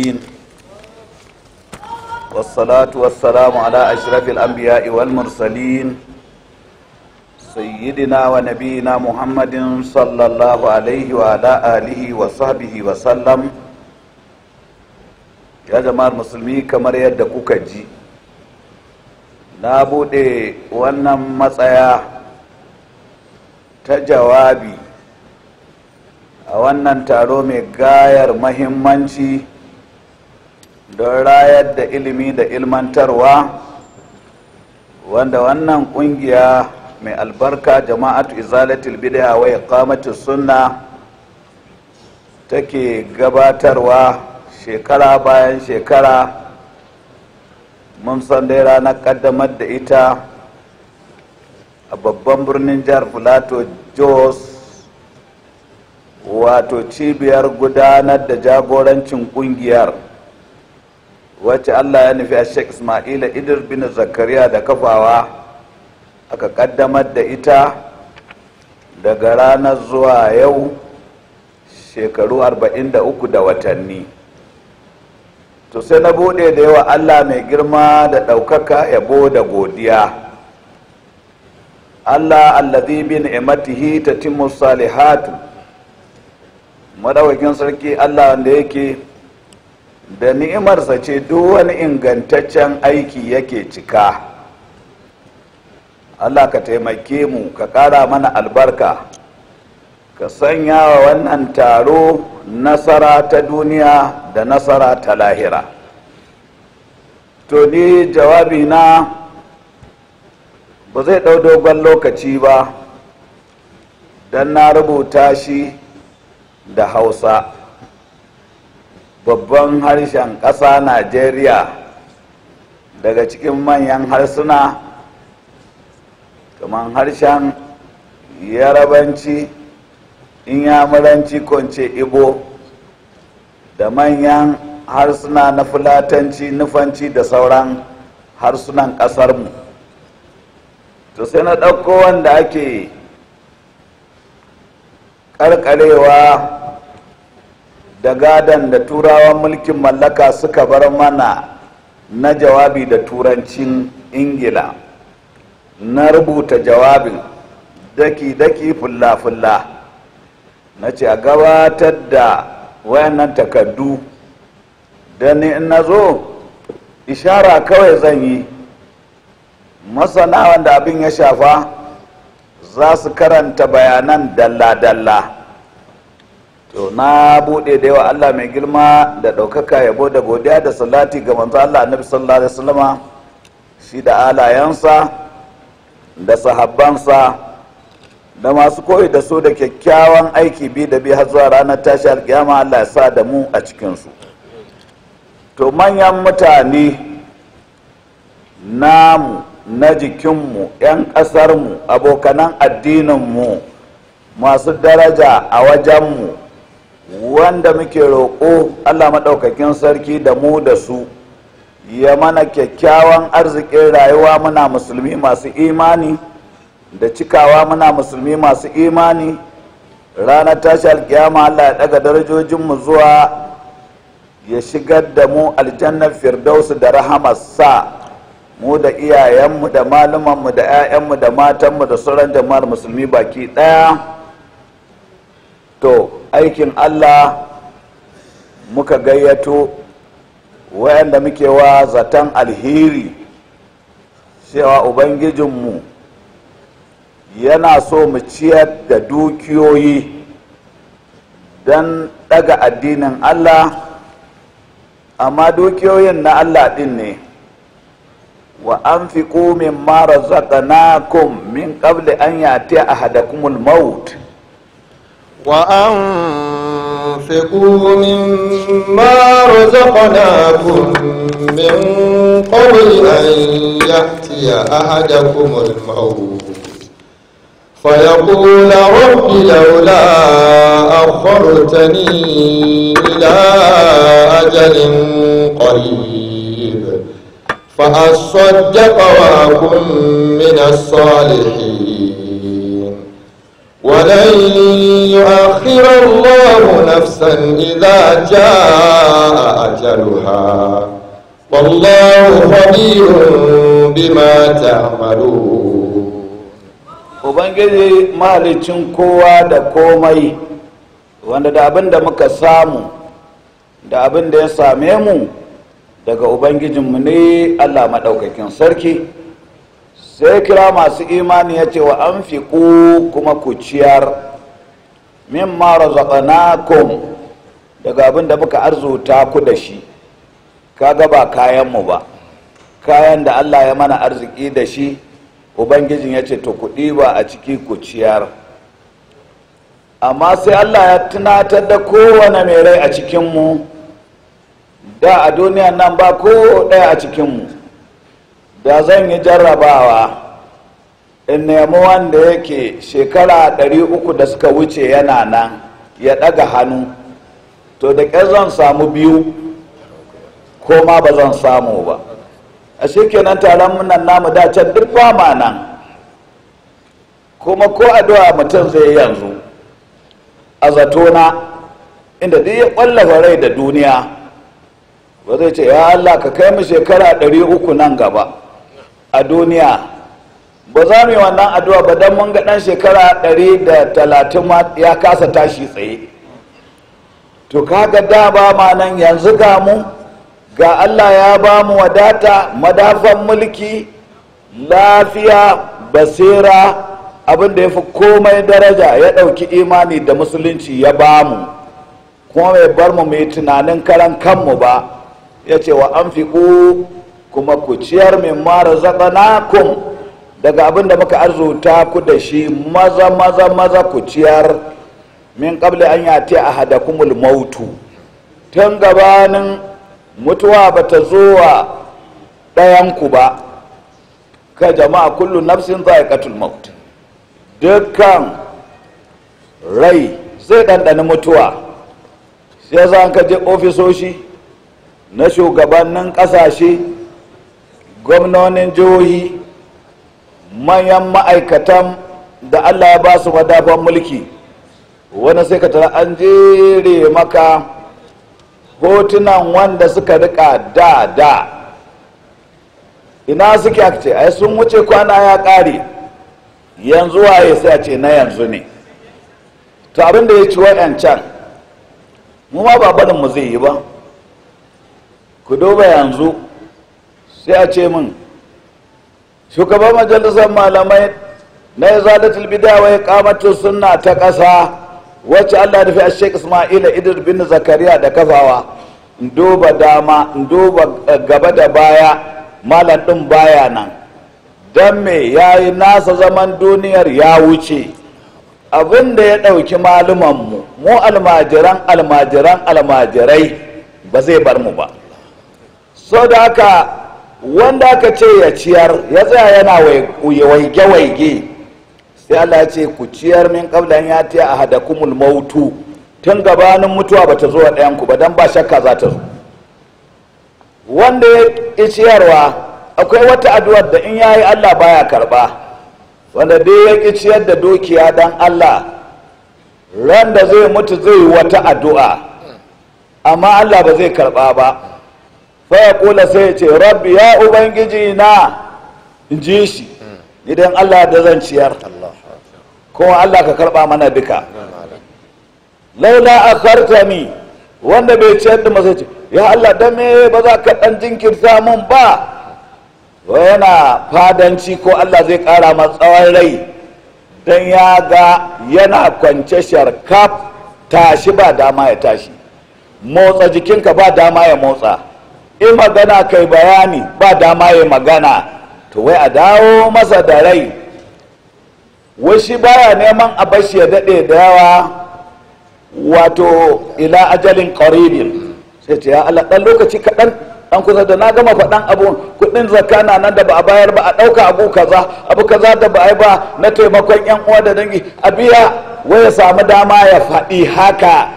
الدين والصلاة والسلام على أشرف الأنبياء والمرسلين سيدنا ونبينا محمد صلى الله عليه وعلى آله وصحبه وسلم يا جماعة المسلمين كما yadda kuka ji na bude تجوابي a wannan taro mai gayar mahimmanci don rayar da ilimi da ilmantarwa wanda wannan kungiya mai albarka jama'atu izalatul bid'a wa iqamatus sunna take gabatarwa shekara bayan shekara mun san dai ranar kaddamar da ita a babban birnin jihar filato jos wato cibiyar gudanar da jagorancin kungiyar wacce allah ya nufi a sheikh ismaila idris bin zakariya da kafawa aka kaddamar da ita daga ranar zuwa yau shekaru 43 da watanni to sai na bude da yawa allah mai girma da ɗaukaka yabo da godiya allah allazi bi ni'matihi tatimmu salihatu madawakin sarki allah wanda yake da ni'imarsa ce duk wani ingantaccen aiki yake cika allah ka taimake mu ka ƙara mana albarka ka sanya wa wannan taro nasara ta duniya da nasara ta lahira to ni jawabi na ba zai ɗau dogon lokaci ba don na rubuta shi da hausa babban harshen ƙasa najeriya daga cikin manyan harsuna kamar harshen yarabanci inyamuranci kwance ibo da manyan harsuna na fulatanci nufanci da sauran harsunan ƙasarmu to sai na ɗauko wanda ake ƙarƙarewa da gadon da turawan mulkin mallaka suka bar mana na jawabi da turancin ingila na rubuta jawabin daki-daki fulla-fulla na ce a gabatar da wayannan takardu da ni in na zo ishara kawai zan yi masana wanda abin ya shafa za su karanta bayanan dalla-dalla to na bude da yawa Allah mai girma da ɗaukaka yabo da godiya da salati ga manzo Allah annabi sallallahu alaihi wasallama shi da alayansa da sahabbansa da masu koyi da su da kyakkyawan aiki bi da bi har zuwa ranar tashi alkiyama Allah ya sa da mu a cikinsu to manyan mutane namu na jikinmu 'yan ƙasarmu abokanan mu masu daraja a wajenmu wanda muke roƙo allah maɗaukakin sarki da mu da su ya mana kyakkyawan arzikin rayuwa muna musulmi masu imani da cikawa muna musulmi masu imani ranar tashi alkiyama allah ya ɗaga darajojinmu zuwa ya shigar da mu aljannar firdausu da sa mu da iyayenmu da malumanmu da 'ya'yanmu da matanmu da sauran jama'ar musulmi baki ɗaya to aikin allah muka gayyato wayanda muke wa zaton alheri cewa ubangijinmu yana so mu ciyar da dukiyoyi don daga addinin allah amma dukiyoyin na allah din ne wa an fi komin mara min ƙabli an yati a hadakumul maut وأنفقوا مما رزقناكم من قبل أن يأتي أحدكم الموت فيقول رب لولا أخرتني إلى أجل قريب فأصدق وأكن من الصالحين ولن يؤخر الله نفسا إذا جاء أجلها والله خبير بما تعملون Ubangiji mahalicin kowa da komai wanda da abin da muka samu da abin da ya same mu daga Ubangijinmu ne Allah maɗaukakin sarki sai kira masu imani ya ce wa an fi kuma ku ciyar mara razaqnakum daga abin da muka arzuta ku da shi kaga ba kayanmu ba kayan da allah ya mana arziki da shi ubangijin ya ce to kuɗi ba a ciki ku ciyar amma sai allah ya tunatar da kowane mai rai a cikinmu da a duniya nan ba ko ɗaya a cikinmu da zan yi jarrabawa in nemi wanda yake shekara 300 da suka wuce yana nan ya ɗaga hannu to da ƙyar zan samu biyu ko ma ba zan samu ba a shekenan taron munan namu dacen duk ba ma nan kuma ko addu'a mutum zai yi yanzu a zatona inda duk ya ƙwallafa rai da duniya ba zai ce ya Allah ka kai mu shekara 300 nan gaba a duniya ba za mu yi wannan addu'a ba don mun ga ɗan shekara ɗari 130 ya kasa tashi tsaye to kaga da ba ma nan yanzu ga mu ga Allah ya ba mu wadata madafan mulki lafiya basira abin da ya fi komai daraja ya ɗauki imani da musulunci ya ba mu kuma mai bar mu mai tunanin karan kanmu ba ya ce wa an fi kuma ku ciyar min mara daga abin da muka arzuta ku da shi maza maza maza ku ciyar min ƙabla an yati a kumul mautu tun gabanin mutuwa ba ta zo wa ɗayanku ba ka jama'a kullu nafsin za'iqatul maut dukkan rai zai ɗanɗani mutuwa sai za ka je ofisoshi na shugabannin ƙasashe gwamnonin jihohi manyan ma'aikatan da allah ya ba su madafan mulki wani sai ka tara an jere maka hotunan wanda suka rika da da ina suke aka ai sun wuce kwana ya ƙare yanzu waye sai a ce na yanzu ne to abin da ya ci waɗancan mu ma ba barin mu zai yi ba ku duba yanzu sai a ce min shugaban majalisar malamai na izalatul bid'a wa iqamatu sunna ta ƙasa wacce Allah da fi a Sheikh Isma'ila Idris bin Zakariya da kafawa in duba dama duba eh, gaba da baya malam din baya nan dan me yayi nasa zaman duniyar ya wuce abin da ya ɗauki malumanmu mu almajiran almajiran almajirai ba zai bar mu ba so da haka wanda aka ce ya ciyar ya tsaya yana waige-waige sai Allah ya ce ku ciyar min kablan ya ta a hadakumul mautu tun gabanin mutuwa bata zo wa ɗayanku ba don ba shakka za ta zo wanda ya ciyarwa akwai wata addu'ar da in yayi Allah baya karba wanda dai ya ciyar da dukiya dan Allah ran da zai mutu zai wata addu'a amma Allah ba zai karba ba fa kula sai ce rabbi ya ubangiji na in ji shi idan allah da zan ciyar kuma allah ka karba mana duka laula a kartani wanda bai ciyar da masu ce ya allah da me ba za ka dan jinkirta mun ba yana fadanci ko allah zai kara matsawar rai don ya ga yana kwance sharkaf tashi ba dama ya tashi motsa jikinka ba dama ya motsa in magana kai bayani ba dama ya magana to wai a dawo masa da rai washi baya neman a bashi ya daɗe da yawa wato ila ajalin qaribin sai ce ya Allah ɗan lokaci kaɗan ɗan kusa da na gama faɗan abu kuɗin zakana nan da ba a bayar ba a ɗauka abu kaza abu kaza da ba a yi ba na taimakon yan uwa da dangi a biya wai ya samu dama ya faɗi haka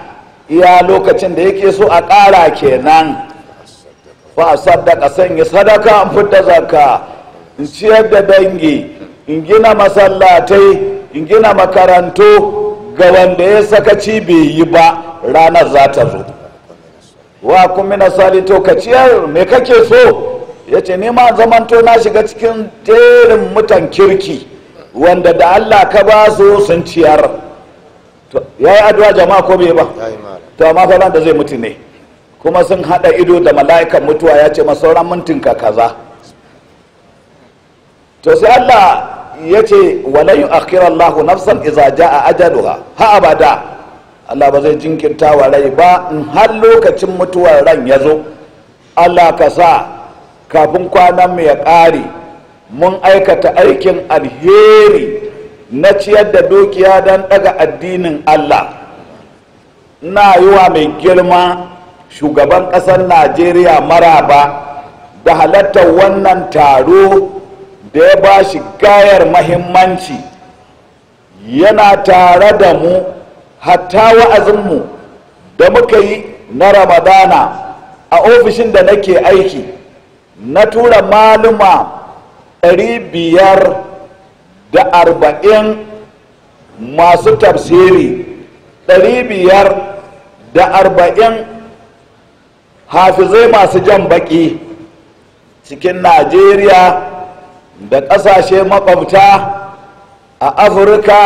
iya lokacin da yake so a ƙara kenan fa sadaka sanya sadaka an fita zakka in ciyar da dangi in gina masallatai in gina makarantu ga wanda ya sakaci bai yi ba ranar za ta zo wa kuma na salito ka ciyar me kake so ya ce nema zamanto na shiga cikin jerin mutan kirki wanda da allah ka ba su sun ciyar ya yi addu'a jama'a ko bai ba to amma fa da zai mutu ne kuma sun hada ido da mala'ikan mutuwa ya ce masauran mintinka kaza to sai Allah ya ce wala yu akhira Allahu nafsan idza jaa ajaluha ha abada Allah ba zai jinkirta wa rai ba in har lokacin mutuwar ran ya zo Allah ka sa kafin kwanan mu ya ƙare mun aikata aikin alheri na ciyar da dukiya don daga addinin Allah na yi mai girma shugaban ƙasar najeriya maraba da halartar wannan taro da ya ba shi gayar mahimmanci yana tare da mu hatta wa'azinmu da muka yi na ramadana a ofishin da nake aiki na tura maluma 540 masu tafsiri 540 hafizai masu jan baki cikin najeriya da ƙasashe makwabta a afirka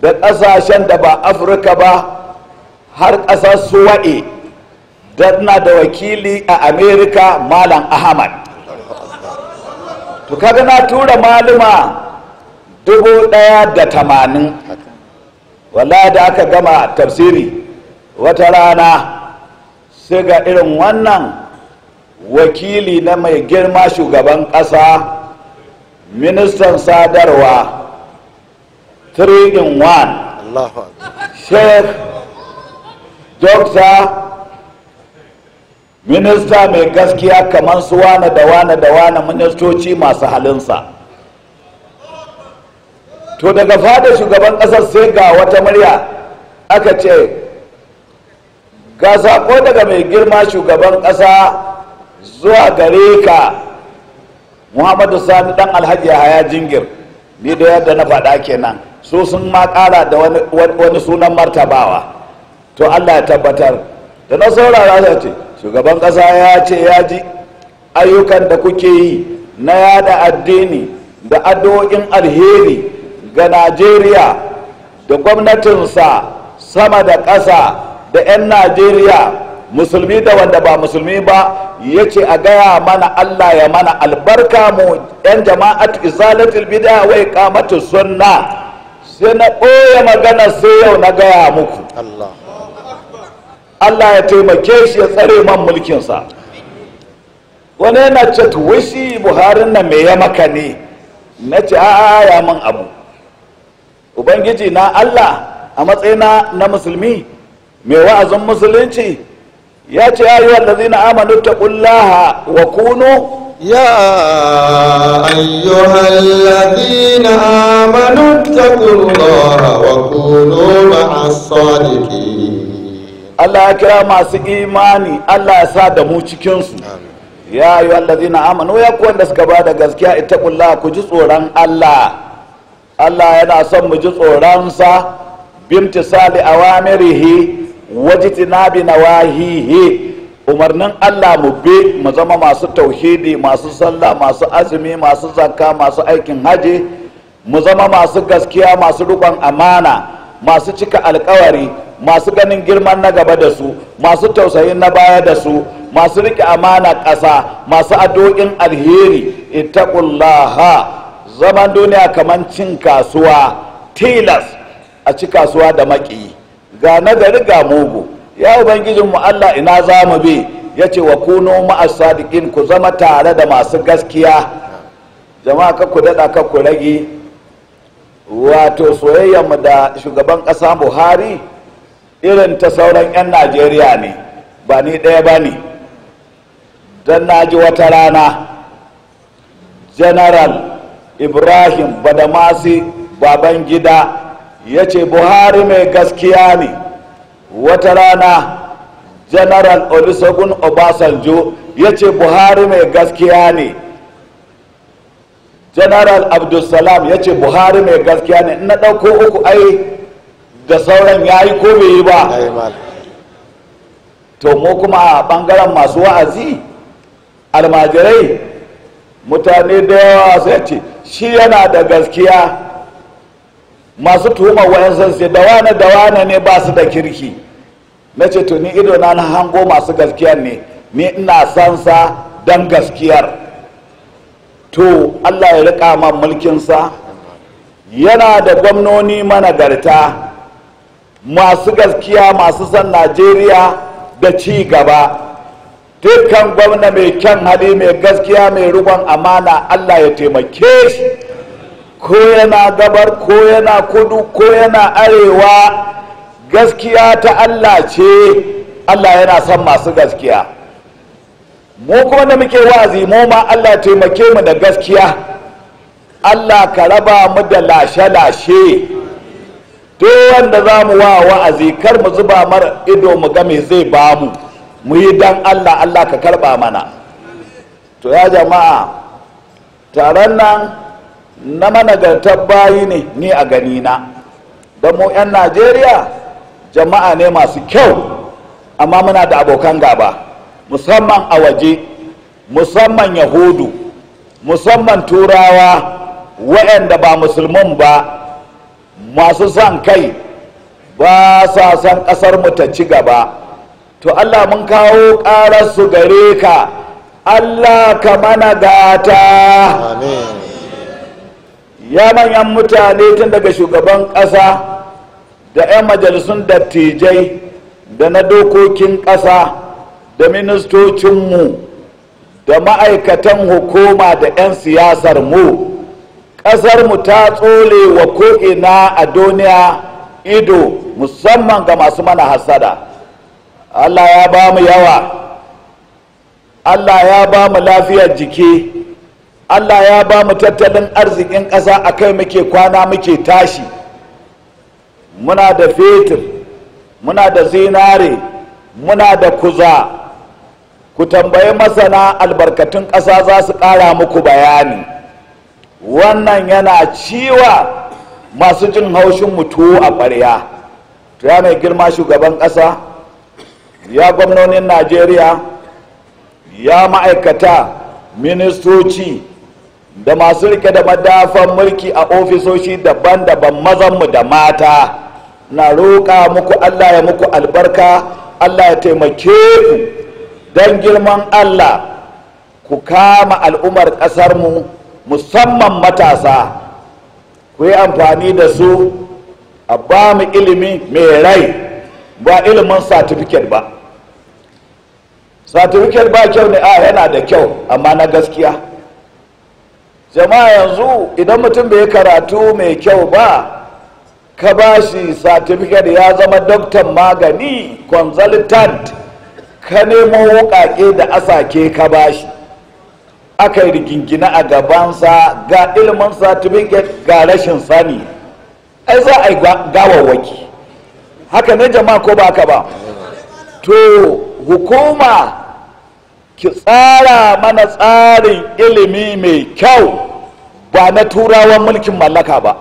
da ƙasashen da ba afirka ba har ƙasar suwaɗe na da wakili a amerika malam ahmad to kaga na tura maluma dubu ɗaya da tamanin wala da aka gama tafsiri wata rana sai ga irin wannan wakili na mai girma shugaban ƙasa ministan sadarwa 3 in 1 sheikh dokta minista mai gaskiya kamar su wane da wane da wane ministoci masu halinsa to daga fada shugaban ƙasar sai ga wata murya aka ce ga sako daga mai girma shugaban ƙasa zuwa gare ka muhammadu sani ɗan alhaji haya jingir ni da yadda na faɗa kenan su sun ma ƙara da wani sunan martabawa to allah ya tabbatar da na saurara ta ce shugaban ƙasa ya ce ya ji ayyukan da kuke yi na yada addini da addu'o'in alheri ga najeriya da gwamnatinsa sama da ƙasa da 'yan najeriya musulmi da wanda ba musulmi ba ya ce a gaya mana allah ya mana albarka mu 'yan jama'at izalatul bid'a wai kamata sunna sai na ɓoye magana sai yau na gaya muku allah ya taimake shi ya tsare man mulkinsa wani yana ce tuwishi buharin na me ya maka ne na ce a ya man abu ubangiji na allah a matsayina na musulmi mai wa'azin musulunci ya ce ya yi wa na amanu ta kullaha wa kuno ya ayyuhallazi na amanu ta kullaha wa kuno ma'asadiki Allah ya kira masu imani Allah ya sa da mu cikinsu ya yi wa na amanu ya kuwan da suka ba da gaskiya ita kullaha ku ji tsoron Allah Allah yana son mu ji tsoronsa bimtisali awamirihi wajitinabi wahihe umarnin Allah mu bi mu zama masu tauhidi masu sallah masu azumi masu zakka masu aikin haji mu zama masu gaskiya masu riƙon amana masu cika alkawari masu ganin girman na gaba da su masu tausayin na baya da su masu rike amana ƙasa masu addu'o'in alheri itaƙullaha zaman duniya kaman cin kasuwa tilas a ci kasuwa da maƙiyi ga nagari ga mugu ya ubangijin mu allah ina za mu bi ya ce wa kuno ma'as sadiqin ku zama tare da masu gaskiya jama'a ka ku daɗa ka ku rage wato soyayyarmu da shugaban ƙasa buhari irin ta sauran 'yan najeriya ne ba ni ɗaya ba ne don na ji wata rana general ibrahim badamasi baban gida ya ce buhari mai gaskiya ne wata rana general olusegun obasanjo ya ce buhari mai gaskiya ne general abdulsalam ya ce buhari mai gaskiya ne na ɗauko uku ai da sauran ya yi ko yi ba to mu kuma a ɓangaren masu wa'azi almajirai mutane da yawa sai ce shi yana da gaskiya masu tuhumar wayansu sai da wane ne ba su da kirki na ce to ni ido na hango masu gaskiya ne ni ina sansa sa dan gaskiyar to Allah ya rika man mulkinsa yana da gwamnoni managarta masu gaskiya masu san Najeriya da ci gaba dukkan gwamna mai kyan hali mai gaskiya mai rubon amana Allah ya taimake shi ko yana gabar ko yana kudu ko yana arewa gaskiya ta Allah ce Allah yana son masu gaskiya mu kuma da muke wazi mu ma Allah taimake mu da gaskiya Allah ka raba mu da lashe-lashe to wanda za mu wa wa'azi kar mu zuba mara ido mu ga me zai ba mu mu yi dan Allah Allah ka karba mana to ya jama'a taron nan na managartar bayi ne ni a ganina don mu 'yan najeriya jama'a ne masu kyau amma muna da abokan gaba musamman a waje musamman yahudu musamman turawa waɗanda ba musulmin ba masu son kai ba sa son ƙasarmu ta ci gaba to allah mun kawo ƙararsu gare ka allah ka mana gata Amin. ya manyan mutane tun daga shugaban ƙasa da 'yan majalisun dattijai da na dokokin ƙasa da ministocinmu da ma'aikatan hukuma da 'yan siyasar mu ƙasarmu ta tsole wa ko'ina a duniya ido musamman ga masu mana hasada allah ya ba mu yawa allah ya ba mu lafiyar jiki allah ya ba mu tattalin arzikin ƙasa a kai muke kwana muke tashi muna da fetur muna da zinare muna da kuza ku tambayi masana albarkatun ƙasa za su ƙara muku bayani wannan yana ciwa masu jin haushin mutu a ƙwarya ya mai girma shugaban ƙasa ya gwamnonin najeriya ya ma'aikata ministoci da masu rike da madafan mulki a ofisoshi daban-daban mazanmu da mata na roƙa muku allah ya muku albarka allah ya taimake ku don girman allah ku kama al'ummar ƙasarmu musamman matasa ku yi amfani da su a ba mu ilimi mai rai ba ilimin satifiket ba satifiket ba kyau ne a yana da kyau amma na gaskiya jama'a yanzu idan mutum bai karatu mai kyau ba ka ba shi satifiket ya zama doktan magani consultant ka nemo wuƙaƙe da asake ka ba shi aka yi rigingina a gabansa ga ilimin satifiket ga rashin sani ai za a yi gawawwaki haka ne jama'a ko ba ka ba to hukuma ki tsara mana tsarin ilimi mai kyau ba na turawan mulkin mallaka ba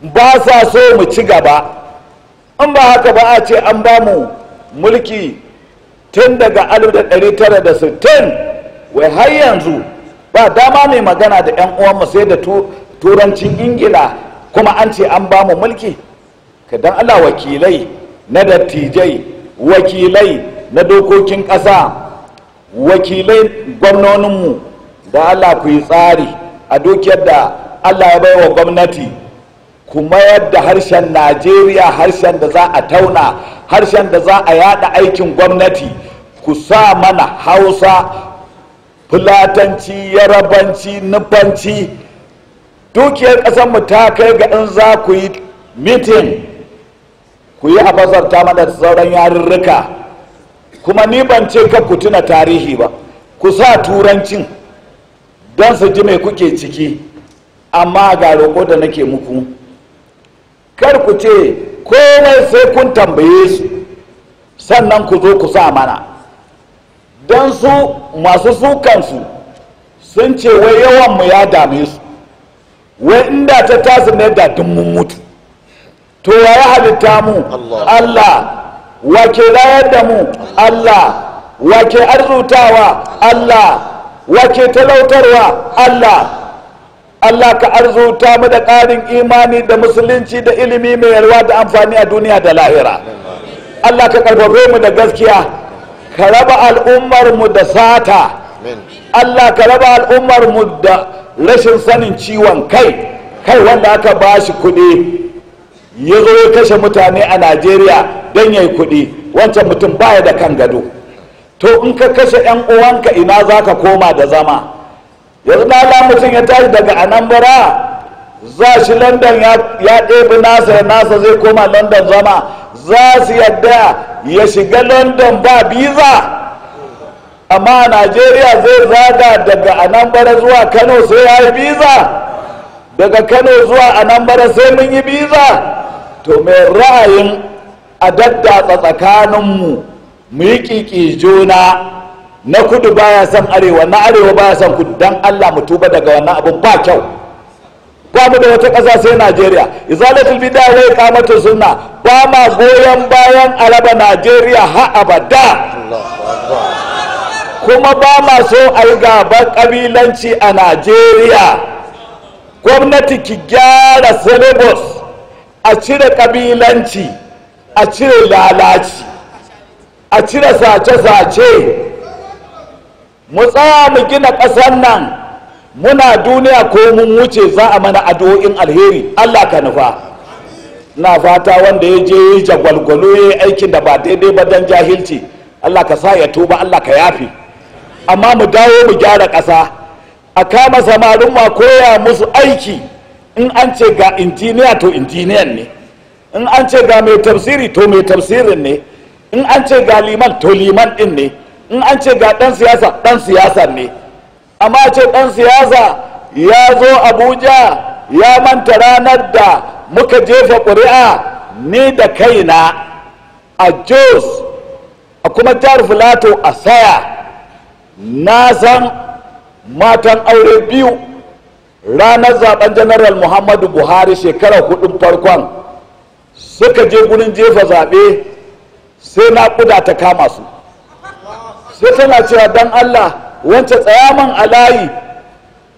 ba sa so mu ci gaba in ba haka ba a ce an ba mu mulki tun daga 1960 wai har yanzu ba dama mai magana da 'yan uwanmu sai da turancin ingila kuma an ce an ba mu mulki ka dan allah wakilai na dattijai wakilai na dokokin ƙasa wakilai gwamnoninmu da allah ku yi tsari a dukiyar da allah ya baiwa gwamnati ku mayar da harshen najeriya harshen da za a tauna harshen da za a yada aikin gwamnati ku sa mana hausa fulatanci yarabanci nufanci dukiyar ƙasanmu ta kai ga in za ku yi mitin ku yi a fasarta mana sauran yarurruka kuma ni ban ce ka ku tuna tarihi ba ku sa turancin don su ji mai kuke ciki amma ga roƙo da nake muku kar ku ce komai sai kun tambaye su sannan ku zo ku sa mana don su masu sukansu sun ce wai yawanmu ya dame su wai inda ta tasi ne da mun mutu to ya halitta mu allah wake layar da mu Allah wake arzutawa Allah wake talautarwa Allah Allah ka arzuta mu da ƙarin imani da musulunci da ilimi mai yalwa da amfani a duniya da lahira Allah ka karfafe mu da gaskiya ka raba al'ummar mu da sata Allah ka raba al'ummar mu da rashin sanin ciwon kai kai wanda aka bashi kuɗi ya zo ya kashe mutane a najeriya don ya yi kuɗi wancan mutum baya da kan gado to in ka kashe 'yan uwanka ina za ka koma da zama yanzu na mutum ya tashi daga anambra za shi london ya ɗebi nasa ya nasa zai koma london zama za su yadda ya shiga london ba biza amma a najeriya zai zaga daga anambra zuwa kano sai ya yi biza daga kano zuwa anambra sai mun yi biza to mai ra'ayin a daddatsa tsakaninmu mu yi ƙiƙi juna na kudu baya san arewa na arewa baya son kudu don allah mu tuba daga wannan abin ba kyau ba mu da wata ƙasa sai najeriya izalatul bid'a wai kamata sunna ba ma goyon bayan alaba najeriya ha abada kuma ba ma so a yi gaban ƙabilanci a najeriya gwamnati ki gyara syllabus a cire ƙabilanci a cire lalaci a cire sace-sace mu tsaya mu gina ƙasar nan muna duniya ko mun wuce za a mana addu'o'in alheri Allah ka nufa na fata wanda ya je jagwalgwalo ya yi aikin da ba daidai ba don jahilci Allah ka sa ya tuba Allah ka yafi amma mu dawo mu gyara ƙasa a kama samarin ma koya musu aiki in an ce ga injiniya to injiniyan ne in an ce ga mai tafsiri to mai tafsirin ne in an ce ga liman to liman din ne in an ce ga dan siyasa dan siyasa ne amma ce dan siyasa ya zo abuja ya manta ranar da muka jefa ƙuri'a ni da kaina a jos a kuma jihar filato a saya na san matan aure biyu ranar zaben janaral muhammadu buhari shekarar hudun farkon suka je gurin jefa zaɓe sai naƙuda ta kama su sai tana cewa don allah wancan tsaya man a layi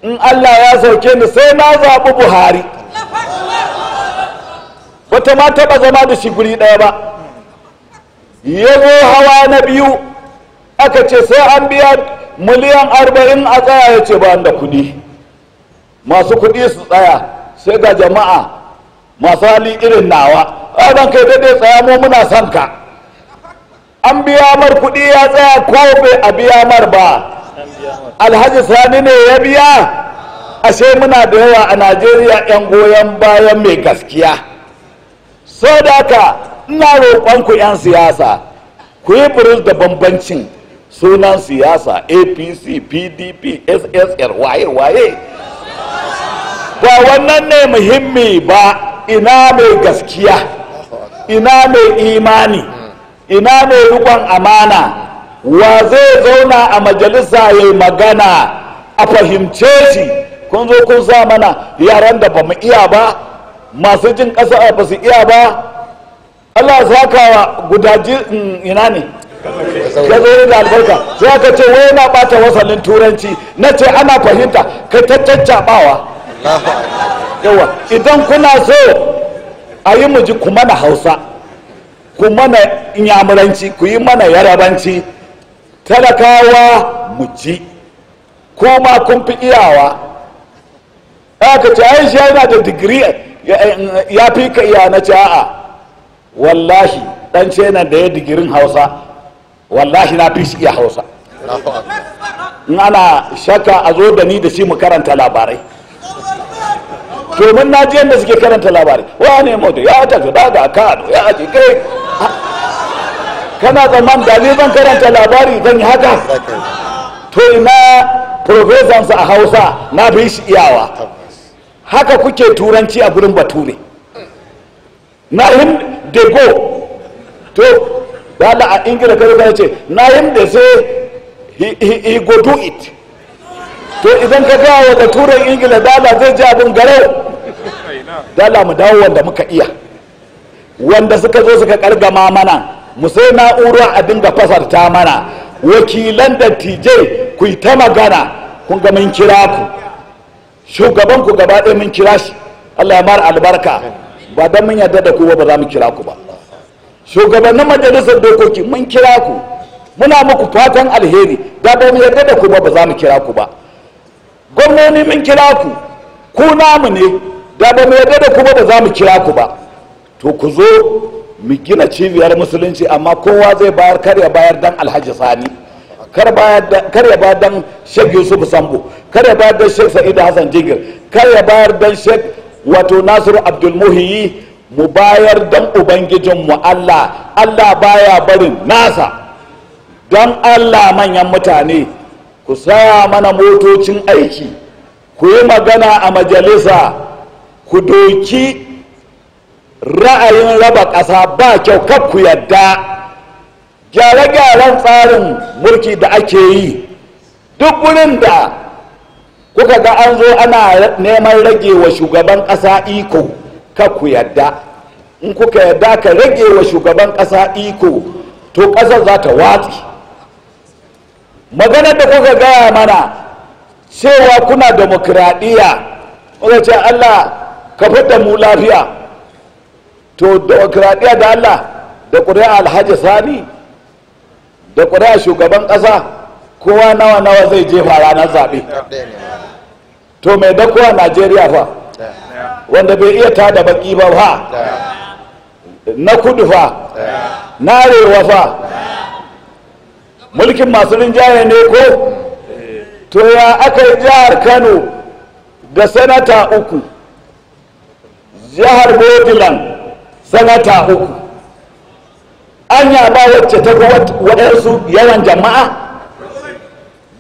in allah ya sauke ni sai na zaɓi buhari wata ma taɓa zama da shi guri ɗaya ba ya zo hawa na biyu aka ce sai an biya miliyan arba'in a tsaya ya ce ba da kuɗi masu kuɗi su tsaya sai ga jama'a masu hali irin nawa ran kai daɗe tsaya mu muna son ka an biya mar kuɗi ya tsaya ko bai a biya mar ba alhaji sani ne ya biya ashe muna da yawa a najeriya 'yan goyon bayan mai gaskiya sau da haka ina roƙonku 'yan siyasa ku yi buris da bambancin sunan siyasa apc pdp ssr waye-waye ba wannan ne muhimmi ba ina mai gaskiya ina mai imani ina mai rikon amana wa zai zauna a majalisa ya yi magana a fahimce shi kun zo kun sa mana yaran da ba mu iya ba masu jin ƙasa ba su iya ba allah saka guda mm, ina ne ya zo da albarka sai aka ce wai na bata wasannin turanci na ce ana fahimta kai ta caccaɓawa yawa idan kuna so a yi mu ji ku mana hausa ku mana inyamuranci ku yi mana yarabanci talakawa mu ko kuma kun fi iyawa aka ce ai shi yana da digiri ya fi ka iya na ce a'a wallahi dan ce nan da ya digirin hausa wallahi na fi shi iya hausa in ana shaka a zo da ni da shi mu karanta labarai domin na ji yadda suke karanta labari wa ne moto ya tafi da da kano ya ji kai kana da ni zan karanta labari zan yi haka to ina profesansa a hausa na fi shi iyawa haka kuke turanci a gurin bature na him de go to dala a ingila kare ka ce na him de say he, he, go do it to idan ka wa da turan ingila dala zai ji abin garau dala mu dawo wanda muka iya wanda suka zo suka kargama mana mu sai na'ura a dinga fasarta mana wakilan da tj ku yi ta magana kun ga mun kira ku shugaban ku gaba ɗaya mun kira shi Allah ya mara albarka ba don mun yarda da ku ba za mu kira ku ba shugabannin majalisar dokoki mun kira ku muna muku fatan alheri da ba mu yarda da ku ba ba za mu kira ku ba gwamnoni mun kira ku ku namu ne da ba mu yarda da kuma ba za mu kira ku ba to ku zo mu gina cibiyar musulunci amma kowa zai bayar kar ya bayar dan alhaji sani kar ya bayar dan sheikh yusuf sambo kar ya bayar dan sheikh sa'idu hassan jingir kar ya bayar dan sheikh wato nasiru abdulmuhiyi mu bayar dan ubangijinmu allah allah baya barin nasa dan allah manyan mutane ku saya mana motocin aiki ku yi magana a majalisa ku doki ra'ayin raba ƙasa ba kyau kar ku yadda gyare-gyaren tsarin mulki da ake yi duk wurin da kuka ga an zo ana neman rage wa shugaban ƙasa iko ku yadda in kuka yadda ka rage wa shugaban ƙasa iko to ƙasar za ta watsi maganar da kuka gaya mana cewa kuna demokradiyya kuka ce allah ka da mu lafiya to demokradiyya da allah da ƙuri'a alhaji sani da ƙuri'a shugaban ƙasa kowa nawa nawa zai jefa ranar zaɓe to mai dakowa najeriya fa wanda bai iya tada baki ba fa na kudu fa na arewa fa mulkin masu rinjaye ne ko to ya aka yi jihar kano da sanata uku jihar Bodiland sanata uku anya ba wacce ta ga waɗansu yawan jama'a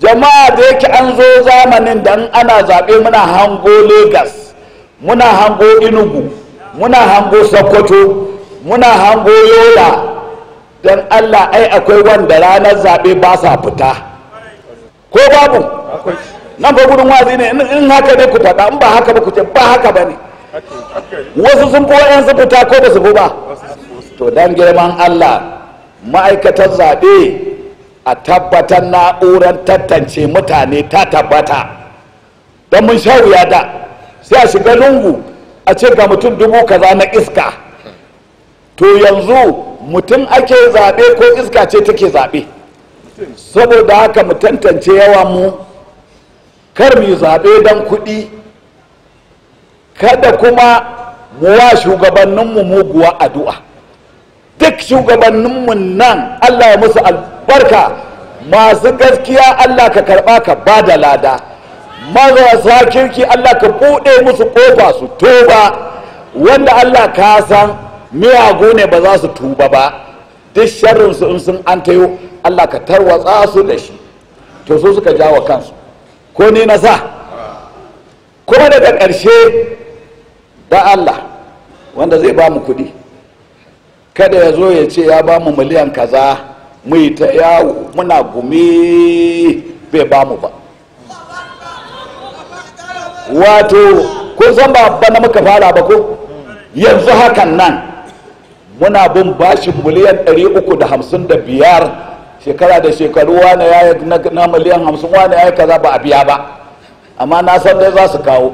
jama'a da yake an zo zamanin dan ana zaɓe muna hango lagos muna hango inugu muna hango sokoto muna hango yola don allah ai akwai wanda ranar zaɓe ba sa fita ko babu nan ba gudun wazi ne in haka ne ku faɗa in ba haka ba ku ce ba haka ba ne wasu sun fi fita ko ba su fi ba to dan girman allah ma'aikatar zaɓe a tabbatar na'urar tantance mutane ta tabbata don mun sha wuya da sai a shiga lungu a ce ga mutum dubu kaza na iska to yanzu mutum ake zaɓe ko iska ce take zaɓe saboda haka mu tantance yawan mu kar mu zaɓe don kuɗi kada kuma mu wa shugabanninmu muguwa addu'a duk shugabanninmu nan Allah ya musu albarka masu gaskiya Allah ka karɓa ka ba da lada marasa kirki Allah ka buɗe musu ƙofa su tuba wanda Allah ka san miyagu ne ba za su tuba ba duk sharrinsu in sun an tayo Allah ka tarwatsa su da shi to su suka jawo kansu ko ni na sa kuma daga ƙarshe da Allah wanda zai ba mu kuɗi kada ya zo ya ce ya ba mu miliyan kaza mu yi ta yawo muna gumi bai ba mu ba wato kun san ba na muka fara ba ko yanzu hakan nan muna bin bashi miliyan 355 shekara da shekaru wane ya na miliyan 50 wane ya yi kaza ba a biya ba amma na san dai za su kawo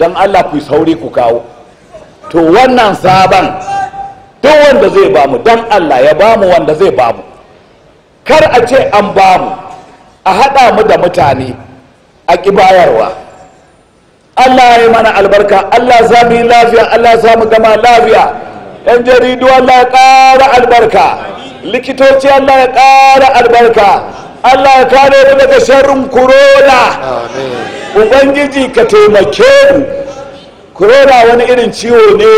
don allah ku sauri ku kawo to wannan sabon duk wanda zai bamu don allah ya bamu wanda zai bamu kar a ce an bamu a haɗa mu da mutane a ƙibayarwa allah ya mana albarka allah za mu yi lafiya allah za mu gama lafiya yan jaridu allah ya ƙara albarka likitoci allah ya ƙara albarka allah ya kare mu daga sharrin corona ubangiji ka taimake mu corona wani irin ciwo ne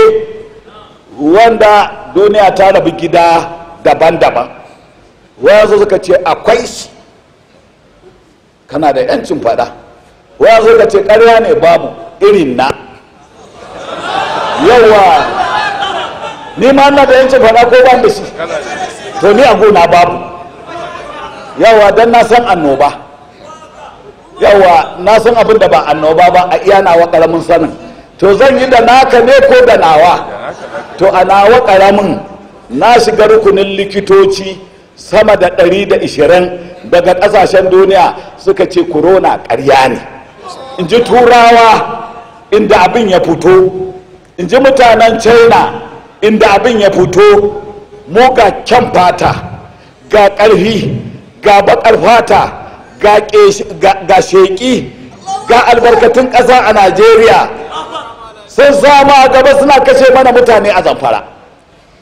wanda duniya ta rabu gida daban-daban wasu suka ce akwai shi kana da yancin fada wasu suka ce karya ne babu irin na yawa ni ma na da yancin fada ko ban da shi to ni a gona babu yawa don na san annoba yawa na san abin da ba annoba ba a iya nawa karamin sanin to zan yi da naka ne ko da nawa to a nawa karamin na shiga rukunin likitoci sama da 120 daga kasashen duniya suka ce corona ƙarya ne in ji turawa inda abin ya fito in ji mutanen china inda abin ya fito mu ga kyan fata ga ƙarfi ga baƙar fata ga sheƙi ga albarkatun ƙasa a najeriya sun zama a gaba suna kashe mana mutane a zamfara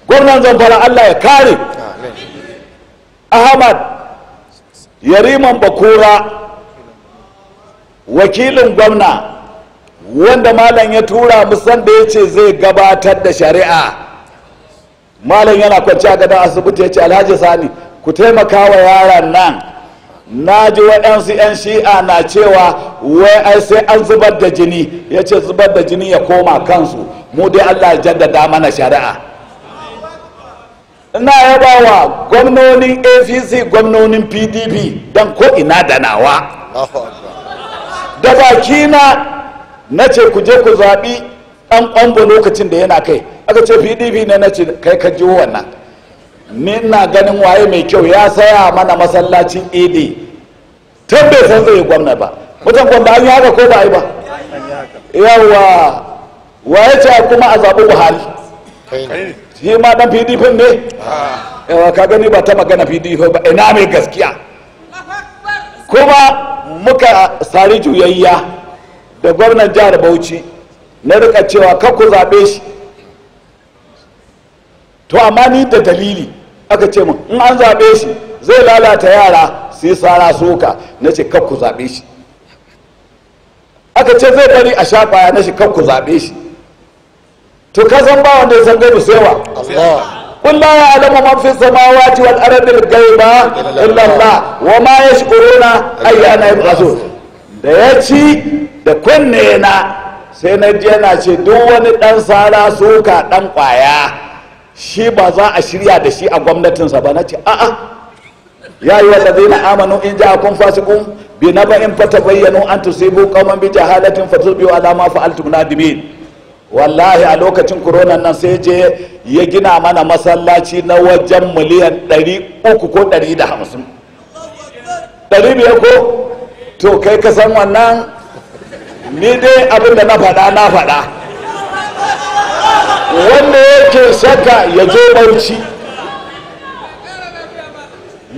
gwamnan zamfara allah ya kare ahmad yariman bakura wakilin gwamna wanda malam ya tura musan da ya ce zai gabatar da shari'a malam yana kwanci a gadon asibiti ya ce alhaji sani ku taimaka wa yaran nan na ji waɗansu 'yan shi'a na cewa wai ai sai an zubar da jini ya ce zubar da jini ya koma kansu mu dai allah jaddada mana shari'a ina yaba wa gwamnonin apc gwamnonin pdp don ko ina da nawa da bakina na ce ku je ku zaɓi ɗan ƙwambo lokacin da yana kai aka ce pdp ne na ce kai ka ji wannan ni na ganin waye mai kyau ya saya mana masallacin idi tun bai san zai gwamna ba mutan gwamna an yi haka ko ba yi ba yawa waye ce kuma a zaɓi buhari shi ma dan pdp ne ah. yawa ka gani ba ta magana pdp ba ina mai gaskiya kuma muka sari juyayya da gwamnan jihar bauchi na rika cewa kakku zaɓe shi to amma ni da dalili aka ce mu in an zaɓe shi zai lalata yara su yi sara soka na ce kakku zaɓe shi aka ce zai bari a shafaya na shi kakku zaɓe shi to ka san ba wanda ya san gaibu sai wa قل wani يعلم من في السماوات والأرض الغيب إلا الله وما يشكرون أيان da ya ci da kunne na sai na ji na ce duk wani ɗan sara soka ɗan kwaya shi ba za a shirya da shi a gwamnatinsa ba na ce a'a ya yi zai na amanu in ja kun fasiku bi na ba in fata bayyanu an tusibu qauman bi jahalatin fatubi biyu alama na dimin. wallahi a lokacin corona nan sai je ya gina mana masallaci na wajen miliyan 300 ko 150 biyar ko to kai ka san wannan ni dai abin da na faɗa na faɗa wanda yake saka ya zo barci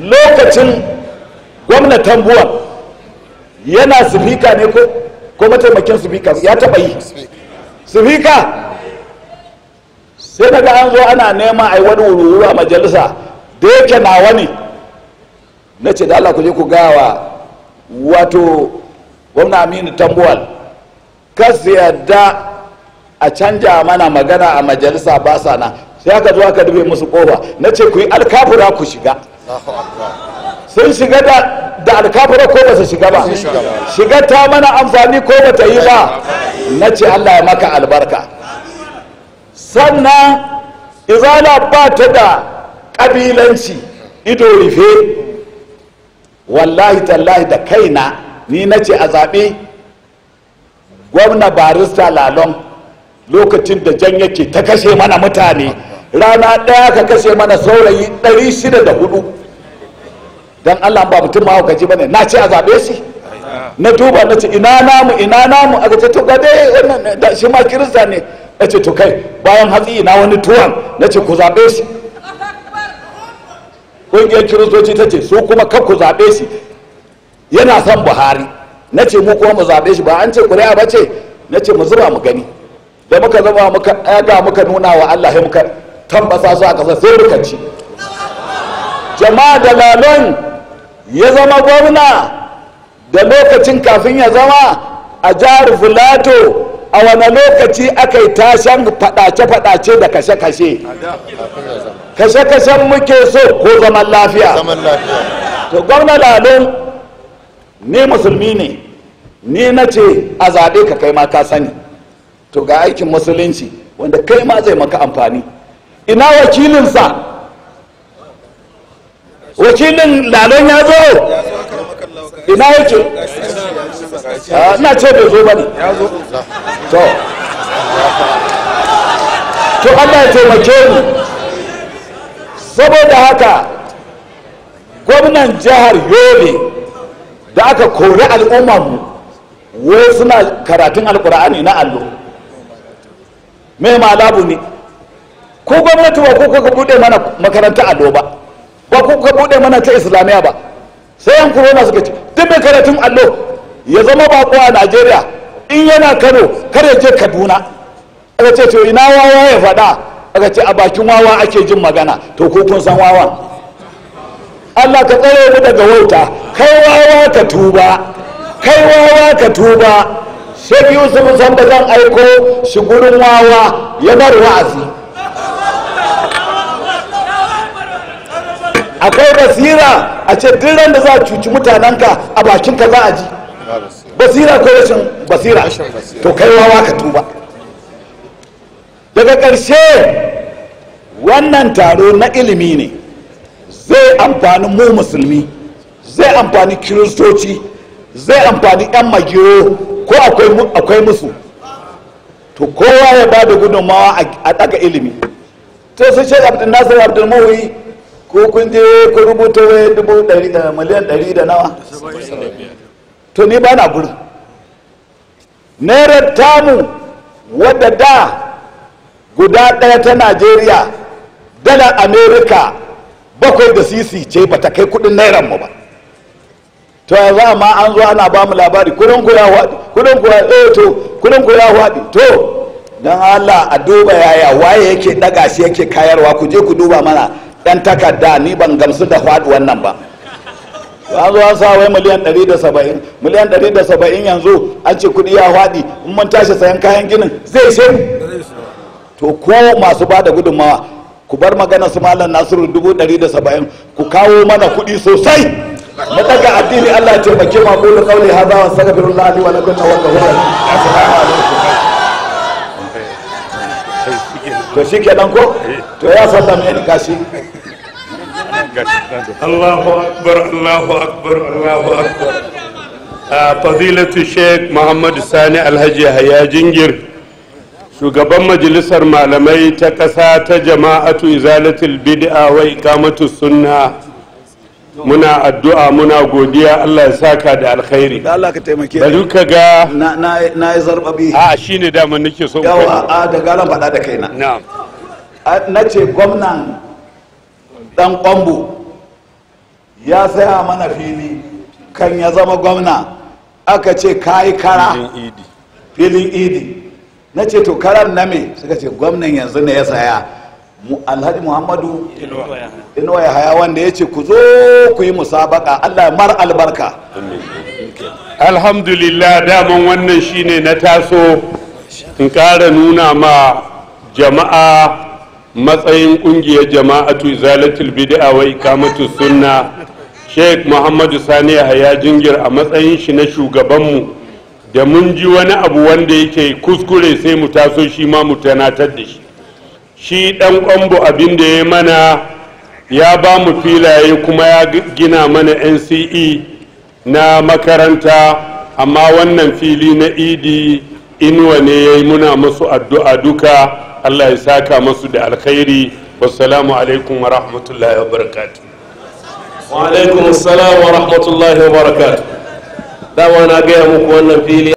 lokacin gwamnatan buwa yana sifika ne ko mataimakin sifika ya taba yi sifika sai daga an zo ana nema a yi wani wuri a majalisa da yake nawa ne na ce da Allah ku je ku gawa wato gwamna aminu tambuwal kasu yadda a canja mana magana a majalisa ba sa na sai aka zo aka dube musu kofa na ce ku yi alkafura ku shiga sun shiga da alkafura ko ba su shiga ba shiga ta mana amfani ko ba ta yi ba na ce allah ya maka albarka sannan izala ba ta da kabilanci ido rufe wallahi tallahi da kaina ni na ce a zaɓe gwamna barista lalon lokacin da jan yake ta kashe mana mutane rana ɗaya ka kashe mana saurayi ɗari shida da hudu don allah ba mutum ma gaji ba ne na ce a zaɓe shi na duba na ce ina namu ina namu a ce to gade da shi ma kirista ne na ce to kai bayan hatsi ina wani tuwon na ce ku zaɓe shi ƙungiyar kiristoci ta ce su kuma kan ku zaɓe shi yana son buhari na ce mu kuma mu zaɓe shi ba an ce ƙuri'a ba ce na ce mu zuba mu gani da muka zama muka ɗaga muka nuna wa Allah muka tambasa su a ƙasa sai muka ci jama'a da lalon ya zama gwamna da lokacin kafin ya zama a jihar filato a wane lokaci aka yi tashen faɗace-faɗace da kashe-kashe kashe-kashen muke so ko zaman lafiya to gwamna lalon ni musulmi ne ni na ce a zaɓe ka kai ma ka sani to ga aikin musulunci wanda kai ma zai maka amfani ina wakilinsa wakilin lalon ya zo ina yake ah, ina ce bai zo ba ne to to allah ya taimake ni saboda haka gwamnan jihar yobe da aka kori mu, wai suna karatun alkur'ani na allo mai malabu ne ko gwamnati ba ko kuka bude mana makaranta allo ba ba ko kuka bude mana ta islamiyya ba sai yan corona suka ce duk mai karatun allo ya zama bako a najeriya in yana kano kar ya je kaduna aka ce to ina wawa ya faɗa aka ce a bakin wawa ake jin magana to ko kun san wawan allah ka tsare mu daga wauta kai wawa ka tuba kai wawa ka tuba shek yusuf da zan aiko shi gurin wawa ya bar wa'azi akwai basira a ce duk da za a cuci mutanenka a bakinka za a ji basira ko rashin basira to kai wawa ka tuba daga ƙarshe wannan taro na ilimi ne zai amfani mu musulmi zai amfani kiristoci zai amfani 'yan magiro ko akwai musu to kowa ya ba da gudunmawa a ɗaga ilimi to sun shi abdul nasir abdul mawi ko kun je ko rubuta wai dubu dari da miliyan dari da nawa to ni ba na gurin naira tamu wadda da guda ɗaya ta najeriya dala amerika bakwai da sisi ce ba ta kai kudin nairan mu ba to yanzu amma an zo ana ba mu labari kurin kula kudin kuwa eh to kudin kuwa ya faɗi to don Allah a duba yaya waye yake daga shi yake kayarwa ku je ku duba mana dan takarda ni ban gamsu da faɗi wannan ba an zo an sa wai miliyan 170 miliyan 170 yanzu an ce kudi ya faɗi in mun tashi sayan kayan ginin zai shi to ko masu ba da gudunmawa ku bar magana su malam nasiru 170 ku kawo mana kudi sosai mu daga addini Allah ya taimake mu ko da kauli hada wa astaghfirullah li wa lakum wa lahu assalamu alaikum to shikenan ko to ya sallama ne kashi Allahu akbar Allahu akbar Allahu akbar fadilatu sheikh Muhammad Sani Alhaji Haya Jingir shugaban majalisar malamai ta ƙasa ta jama'atu izalatul bid'a wa iqamatu sunna muna addu'a muna godiya Allah ya saka da alkhairi da Allah ka taimake bari ka ga na na na zarbabi a shine da mun nake so yawa a da galan fada da kaina na'am ce gwamnan dan kwambo ya saya mana fili kan ya zama gwamna aka ce yi kara filin idi na ce to karan na me suka ce gwamnan yanzu ne ya saya alhaji muhammadu inuwa ya haya wanda ya ce ku zo ku yi musabaka allah mar albarka alhamdulillah daman wannan shine na taso in ƙara nuna ma jama'a matsayin ƙungiyar jama'atu zalatul bid'a wa ikamatu sunna sheikh muhammadu sani haya jingir a matsayin shi na shugabanmu da mun ji wani abu wanda yake kuskure sai mu taso shi ma mu tanatar da shi shi ɗan ƙwambo abin da ya mana ya ba mu filaye kuma ya gina mana nce na makaranta amma wannan fili na idi e inuwa ne ya yi muna masu addu'a duka allah ya saka masu da alkhairi wasalamu alaikum wa rahmatullahi wa barakatu wa alaikum wa rahmatullahi wa barakatu dama na gaya muku wannan fili